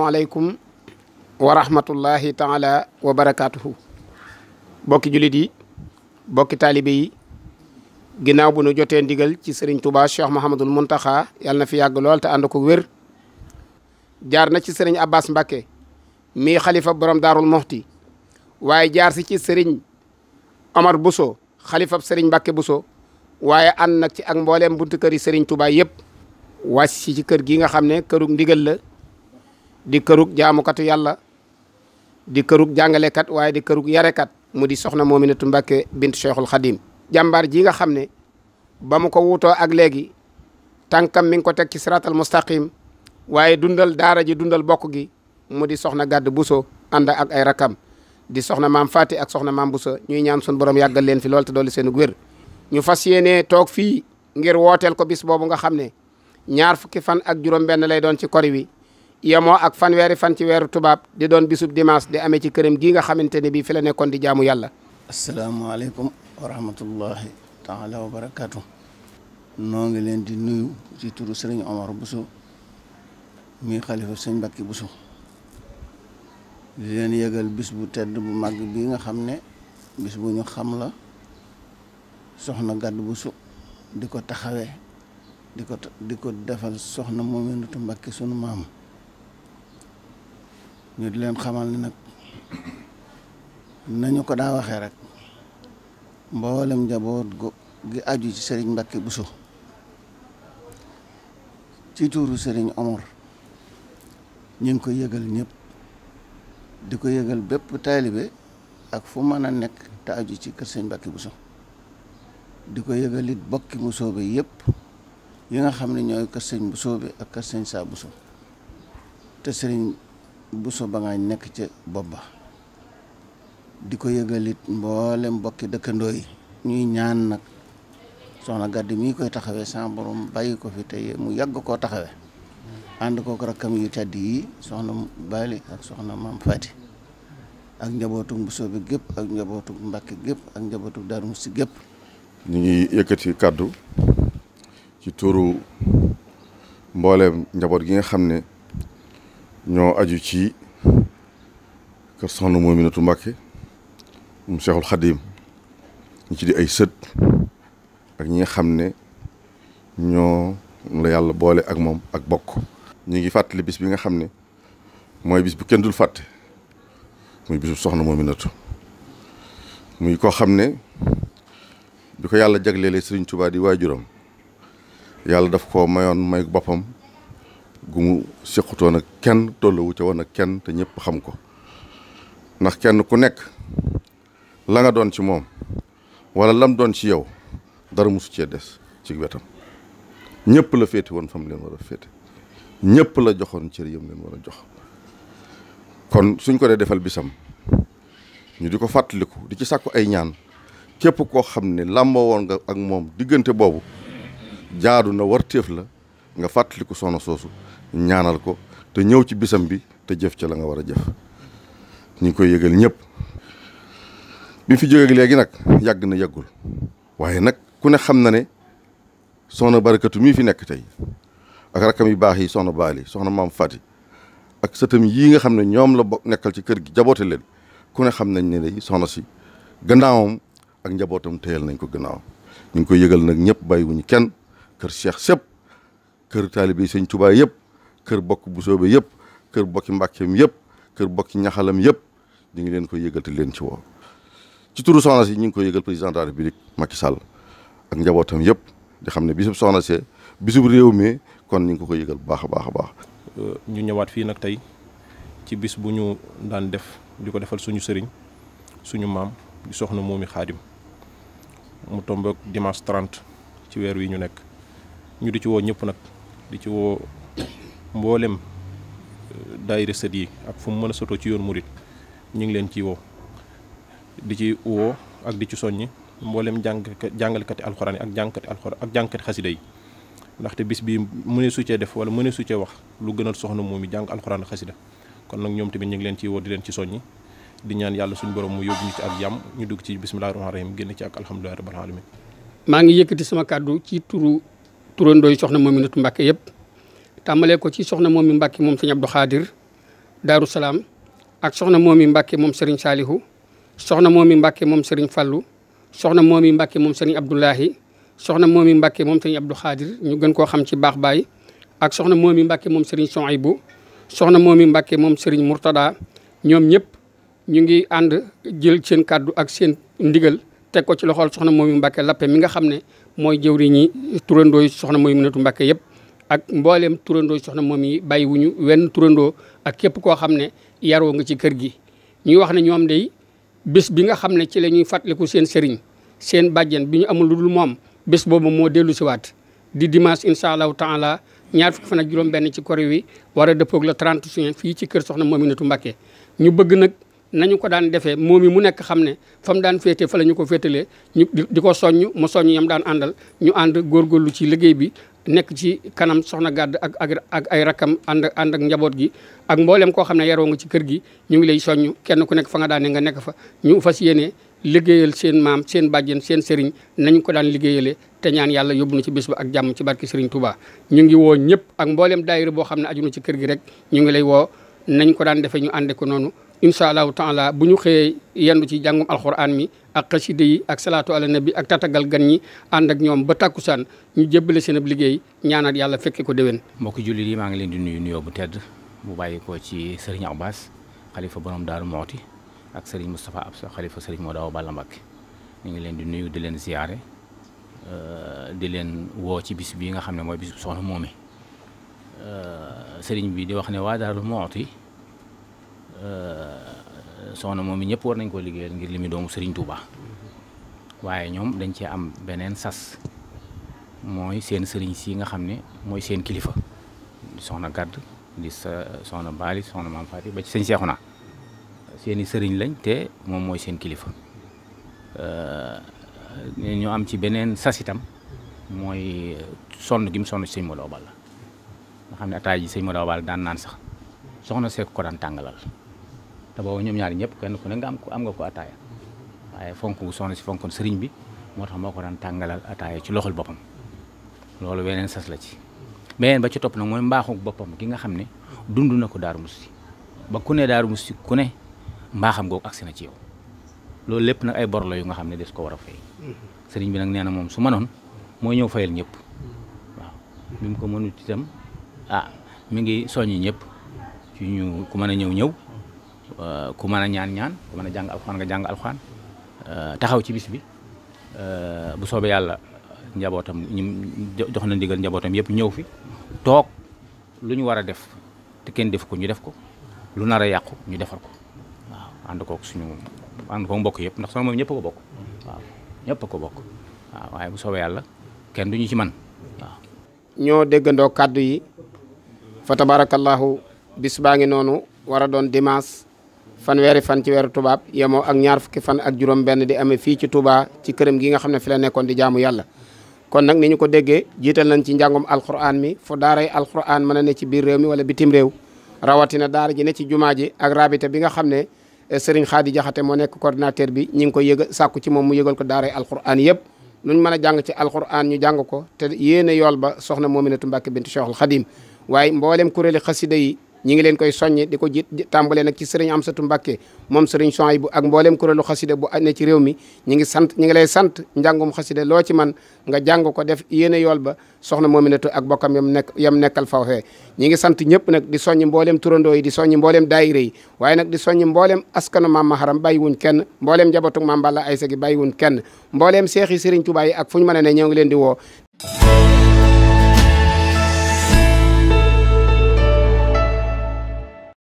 asalaamualeykum wa rahmatullahi taala wa barakaatuhu bokki jullit yi bokki taalibe yi ginnaaw bu nu jotee ndigal ci sëriñ Touba Cheikh Mouhamadul Mountakha yàlla na fi yàgg lool te ànd ko wér jaar na ci sëriñ Abbas Mbakke mii xalifa borom daarul moxti waaye jaar si ci sëriñ Omar buso xalifa sëriñ Mbakke Bousso waaye ànd nag ci ak mbooleem buntu kër yi sëriñ Touba yëpp wàcc si ci kër gi nga xam ne këru ndigal la di kërug jaamukatu yàlla di kërug jàngalekat waaye di kërug yarekat mu di soxna Moominatu Mbàkke bint Cheikhul Xadim jàmbaar ji nga xam ne ba mu ko wuutoo ak léegi tànkam mi ngi ko teg ci siratal mustaqim waaye dundal daara ji dundal bokk gi mu di soxna gàdd buso ànd ak ay rakam di soxna maam Fati ak soxna maam buso ñuy ñaan sun borom yàggal leen fi lool te dolli seen wér ñu fas yéene toog fii ngir wootel ko bis boobu nga xam ne ñaar fukki fan ak juróom benn lay doon ci kori wi yemoo ak fanweeri fan ci weeru tubaab di doon bisub dimaas di amee ci këram gii nga xamante ne bii fi la nekkoon di jaamu yàlla. asalaamaaleykum wa rahmatullahi taala wa barakaatu. noo ngi leen di nuyu ci turu sëriñ Omar Bousso muy xalifa sëñ Mbàkke Bousso di leen yëgal bis bu tedd bu mag bii nga xam ne bis bu ñu xam la soxna bu su di ko taxawee di ko di ko defal soxna Mominatu Mbàkke sunu maam. ñu di leen xamal ni nag nañu ko daa waxee rek mboolem njaboot gi aju ci sëriñ Mbacke Bousso ci tuuru sëriñ Omar ñu ngi ko yëgal ñépp di ko yëgal bépp taalibe ak fu mën a nekk te aju ci kër sëriñ Mbacke di ko yëgal it bokki Mbusoobe yépp yi nga xam ne ñooy kër sëriñ Mbusoobe ak kër Saa Bousso te sëriñ Bousso Bangagne nekk ca bopp ba di ko yëgalit mboolem mbokki dëkkandoo yi ñuy ñaan nag soxna Gàdd mii koy taxawee sa borom bàyyi ko fi te mu yàgg koo taxawee ànd kook rakkam yu tedd yi soxna Bali ak soxna Maam Fati ak njabootu Bousso bi gépp ak njabootu Mbàkke gépp ak njabootu Daaru Musti gépp ñu ngi yëkkati kàddu ci tuuru mbooleem njaboot gi nga xam ne ñoo aju ci kër soxna Moominatu Mbàkke mu Seexul Xadiim ñu ci di ay sët ak ñi nga xam ne ñoo la yàlla boole ak moom ak bokk ñu ngi fàttali bis bi nga xam ne mooy bis bi kenn dul fàtte muy bisu soxna Moominatu muy koo xam ne bi ko yàlla jagleele Sëriñ yi di waajuram yàlla daf ko mayoon may boppam gu mu sequtoon ak kenn tolluwu ca woon ak kenn te ñëpp xam ko ndax kenn ku nekk la nga doon ci moom wala lam doon ci yow dara musu cee des ci wetam ñëpp la féete woon fam leen war a féete ñëpp la joxoon cër yam leen war a jox kon suñ ko dee defal bisam ñu di ko fàttaliku di ci sàkku ay ñaan képp koo xam ne làmboo woon nga ak moom diggante boobu jaadu na warteef la nga fàttaliku soxna soosu ñaanal ko te ñëw ci bisam bi te jëf ca la nga war a jëf ñu ngi koy yëgal ñëpp bi fi jógeeg léegi nag yàgg na yàggul waaye nag ku ne xam na ne soxna barakatu mii fi nekk tey ak rakkam yu baax yi soxna baali soxna maam Fati ak sëtam yii nga xam ne ñoom la bokk nekkal ci kër gi jaboote leen ku ne xam nañ ne day soxna si gannaawam ak njabootam téyal nañ ko gannaawam ñu ngi koy yëgal nag ñëpp bàyyiwuñu kenn kër Cheikh sëpp kër taalibe Sëñ Tuubaa yëpp kër bokk bu soobe yëpp kër bokki mbàkkeem yëpp kër bokki ñaxalam yëpp ñu ngi leen koy yëgal leen ci woo ci turu soxna si ñu ngi koy yëgal président de la république Macky Sall ak njabootam yëpp di xam ne bisub soxna see bisub réew mi kon ñu ngi ko koy yëgal bu baax baax a baax. Euh, ñu ñëwaat fii nag tey ci bis bu ñu daan def di ko defal suñu sëriñ suñu maam soxna moomi xaadim mu tombeek dimanche trent ci weer wi ñu nekk ñu di ci woo ñëpp nag di ci woo. mboolem euh, daayira sët yi ak fu mu mën a sotoo ci yoon murit ñu ngi leen ci woo di ci woo ak di ci soññ mboolem jàng jàngalkati alxuraan yi ak jàngkati alxuraan ak jàngkati xasida yi ndaxte bis bii mënee su cee def wala mënee su cee wax lu gënal soxna moom yi jàng alxuraan xasida kon nag ñoom tamit ñu ngi leen ci woo di leen ci soññi di ñaan yàlla suñu borom mu yóbbu ñu ci ak jàmm ñu dugg ci bismillahi rahmaani rahim génn ci ak alhamdulillahi rabbil alamin maa ngi yëkkati sama kàddu ci turu turandooy soxna Mominatu Mbàkke yëpp tàmbalee ko ci soxna moom mi Mbàkke moom sëñ Abdou Khadir Daaru Salaam ak soxna moom mi Mbàkke moom sëriñ Saalihu soxna moom mi Mbàkke moom sëriñ Fallu soxna moom mi Mbàkke moom sëriñ Abdoulahi soxna moom mi Mbàkke moom sëriñ Abdou ñu gën koo xam ci baax baay ak soxna moom mi Mbàkke moom sëriñ Soaybu soxna moom mi Mbàkke moom sëriñ Murtada ñoom ñëpp ñu ngi ànd jël seen kàddu ak seen ndigal teg ko ci loxol soxna moom mi Mbàkke Lappe mi nga xam ne mooy jëwriñi turandooy soxna moom mi Natu Mbàkke yëpp ak mbooleem turandoo soxna moom yi bàyyi wuñu wenn turandoo ak képp koo xam ne yaroo nga ci kër gi ñuy wax ne ñoom day bés bi nga xam ne ci la ñuy fàttaliku seen sëriñ seen bàjjen bi ñu amul lu dul moom bés boobu moo dellu siwaat di dimanche incha allahu taala ñaar fukki fan ak juróom benn ci kori wi wara a dëppoog le 30 juin fii ci kër soxna Mominatou Mbacké ñu bëgg nag nañu ko daan defee moom yi mu nekk xam ne fa daan féete fa la ñu ko féetalee ñu di ko soññ mu soññ yam daan àndal ñu ànd góorgóorlu ci liggéey bi nekk ci kanam soxna gàdd ak ak ak ay rakkam ànd ànd ak njaboot gi ak mboolem koo xam ne yaroo nga ci kër gi ñu ngi lay soññ kenn ku nekk fa nga daane nga nekk fa ñu fas yéene liggéeyal seen maam seen bàjjen seen sëriñ nañu ko daan liggéeyalee te ñaan yàlla yóbbu na ci bés ba ak jàmm ci barki sëriñ tubaa ñu ngi woo ñëpp ak mboolem daayira boo xam ne aju na ci kër gi rek ñu ngi lay woo nañ ko daan defee ñu ànde ko noonu incha allahu taala bu ñu xëyee yendu ci jàngum alxuraan mi ak xaside yi ak salaatu ala nabi ak tatagal gan ñi ànd ak ñoom ba tàkkusaan ñu jébbale seen ab liggéey ñaanaat yàlla fekke ko déwén. mbokki jullit yi maa ngi leen di nuyu nuyoo bu tedd bu bàyyi ko ci sëriñ Abbas xalifa borom Daaru Mooti ak sëriñ Moustapha Absa xalifa sëriñ Modou Awa Balla Mbacké ñu ngi leen di nuyu di leen ziyaare euh, di leen woo ci bis bii nga xam ne mooy bis bu soxna moome euh, di wax ne waa Euh, soxna moom i ñëpp war nañ koo liggéeyal ngir li mu doomu Serigne Touba waaye ñoom dañ cee am beneen sas mooy seen sëriñ si nga xam ne mooy seen kilifa soxna gàdd di sa soxna baali soxna maam Faati ba ci sëñ seeni sëriñ lañ moom mooy seen kilifa euh, ñu am ci beneen sas itam mooy sonn gi mu sonn ci sëñ Modou Balla nga xam ne ataay ji sëñ Modou Balla daan naan sax soxna Seck ko daan tàngalal te ñoom ñaari ñëpp kenn ku ne nga am am nga ko ataaya waaye fonk gu si fonkoon sëriñ bi moo tax moo ko daan tàngalal ataaya ci loxol boppam loolu weneen sas la ci beneen ba ci topp nag mooy mbaaxu boppam gi nga xam ne dund na ko Daaru Musti ba ku ne Daaru Musti ku ne mbaaxam googu agsi na ci yow loolu lépp nag ay bor yu nga xam ne des ko war a fay sëriñ bi nag nee na moom su manoon mooy ñëw fayal ñëpp waa bi mu ko mënut itam ah mi ngi soññi ñëpp ci ñu ku mën a ñëw ñëw Euh, ku mën a ñaan ñaan ku mën a jàng alxuraan nga jàng alxuraan euh, taxaw ci bis bi euh, bu soobee yàlla njabootam ñu jox na ndigal njabootam yëpp ñëw fi toog lu ñu wara a def te kenn def ko ñu def ko lu nar a yàqu ñu defar ko waaw ànd kook suñu ànd kook mbokk yëpp ndax sama moom ñëpp ko bokk waaw ñëpp ko bokk waaye bu soobee yàlla kenn duñu ci man waaw ñoo déggandoo kàddu yi fa tabarakallahu bis ngi noonu war doon dimanche fanweeri fan ci weeru tubaab yemoo ak ñaar fukki fan ak juróom benn di amee fii ci Touba ci këram gi nga xam ne fi la nekkoon di jaamu yàlla kon nag ni ñu ko déggee jiital nañ ci njàngum alquran mi fu daaray alquran mën a ne ci biir réew mi wala bitim réew rawatina daara ji ne ci jumaa ji ak rabita bi nga xam ne eh, Serigne Khady jaxate moo nekk coordinateur bi ñi ngi ko yëga sàkku ci moom mu yëgal ko daaray alquran yëpp luñ mën a jàng ci alquran ñu jàng ko te yéene yool ba soxna Mominatou Mbacke bintu Cheikhul Khadim waaye mboolem ñi ngi leen koy soññi di ko ji tàmbalee nag ci sëriñ Amsatu Mbàkke moom sëriñ Sohaybu ak mboolem kuréelu xasida bu ne ci réew mi ñi ngi sant ñi ngi lay sant njàngum xasida loo ci man nga jàng ko def yéene yool ba soxna Mominatou ak bokkam yam nekk yam nekkal fawfee ñi ngi sant ñëpp nag di soññi mboolem turandoo yi di soññi mbooleem daayira yi waaye nag di soññi mbooleem askanu maam maharam bàyyi wuñ kenn mbooleem njabootu maam Balla Aysa gi bàyyi wuñ kenn mbooleem seexi sëriñ Tuubaa yi ak fu ñu mën a ne ñoo ngi leen di woo